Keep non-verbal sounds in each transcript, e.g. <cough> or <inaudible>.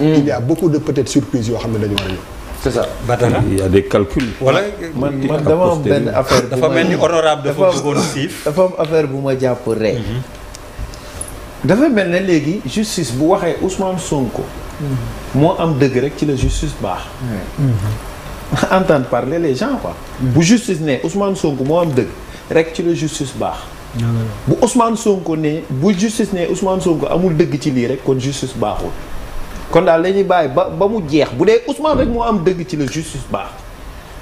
Mm. a beaucoup de peut-être surprises yoo xam ne dañu war a ñëw. c'est ça wala man man dama am benn dafa mel ni honorable dafa bëggoon siif. dafa bu ma jàpp rek. Mhm. dafa mel ne léegi justice bu waxee Ousmane Sonko. moo am dëgg rek ci la justice baax. entendre les gens quoi. bu justice ne Ousmane Sonko dëgg rek ci la baax. bu Ousmane Sonko ne bu justice ne Ousmane Sonko amul dëgg ci lii rek kon justice baaxul. kon daal lañuy ñuy bàyyi ba ba mu jeex bu dee Ousmane rek moo am dëgg ci la justice baax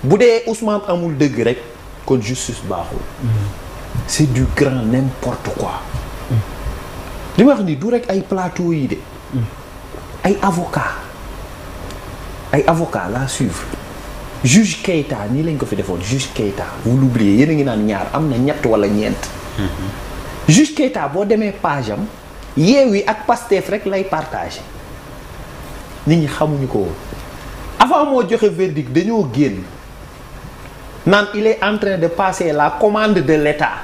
bu dee Ousmane amul dëgg rek kon justice baaxul. Mm. c'est du grand n'importe quoi. Mm. li ni du ay plateau yi de. Mm. ay avocat ay avocat la suivre juge nii lañ ko fi defoon juge Keita vous l'oubliez yéen a ngi naan ñaar am na ñett wala ñeent. Mm-hmm. juge Keita boo demee page am yeew yi ak Pastef rek lay partagé. nit ñi xamuñu ko woon avant moo joxe verdict dañoo génn naan il est en de passer la commande de l'État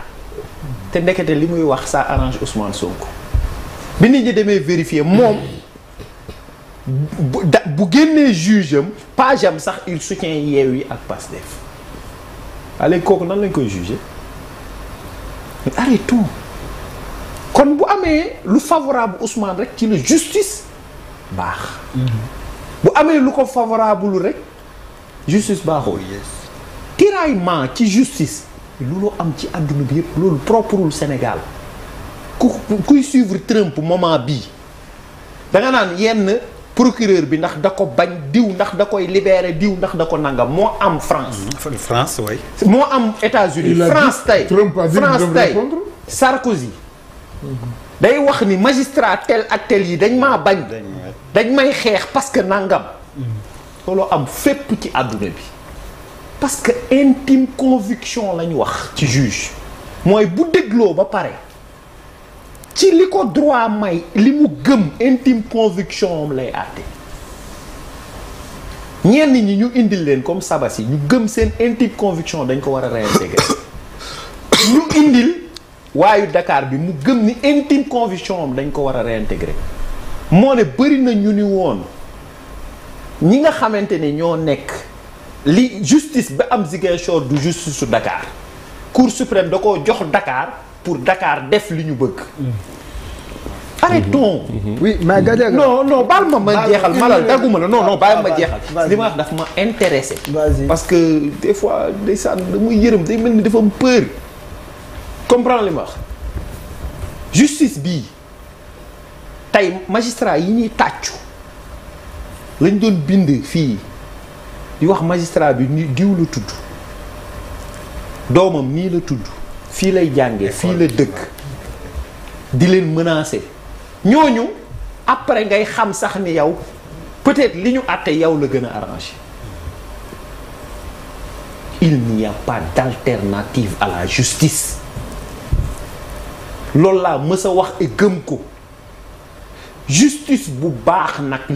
te ndekete li muy wax ça arrange Ousmane Sonko bi nit ñi demee vérifier moom bu da bu génnee juge am page am sax il soutient Yewwi ak Pastef allez ah, kooku nan lañ koy juger mais arrête tout kon bu amee lu favorable Ousmane rek ci la justice baax. bu amee lu ko favorable rek justice baaxul. Oh, tiraillement ci justice. loolu am ci àdduna bi yëpp loolu propreul Sénégal ku kuy suivre Trump moment bi da nga naan yenn procureur bi ndax da ko bañ diw ndax da koy libéré diw ndax da ko nangam moo am France. Mm-hmm. France waay. moo am États-Unis France tey France tey Sarkozy. Mm-hmm. day wax ni magistrat tel ak tel yi dañ maa bañ. dañ may xeex parce que nangam. Mm. loolu am fépp ci àdduna bi. parce que intime conviction la ñu wax. ci juge mooy bu dégloo ba pare ci li ko droit may li mu gëm intime conviction am lay àtte. ñenn ñi ñu indil leen comme sabas yi ñu gëm seen intime conviction dañ ko war a réintégrer <coughs> ñu indil waayu dakaar bi mu gëm ni intime conviction am dañ ko war a réintégrer. moo ne bëri na ñu ni woon ñi nga xamante ni ñoo nekk li justice ba am Ziguinchor du justice su Dakar cour suprême da koo jox dakaar pour dakaar def lu ñu bëgg. arrêtons. Mhm. oui mais mhm. Gadiaga non non baal ma ma jeexal malal dagguma la non non baal ma jeexal. li ma wax daf ma intéressé. parce que des fois day sànni damay yërëm day mel ni dafa mu peur. comprendre li ma justice bii. tey magistrat yi ñuy tàccu lañ doon bind fii di wax magistrat bi ni diw la tudd doomam nii la tudd fii lay jànge fii la dëkk di leen menacer ñooñu après ngay xam sax ni yow peut-être li ñu àtte yow la gën a arrangé il n'y a pas d'alternative à la justice loolu laa mës a wax et gëm ko justice bu baax nag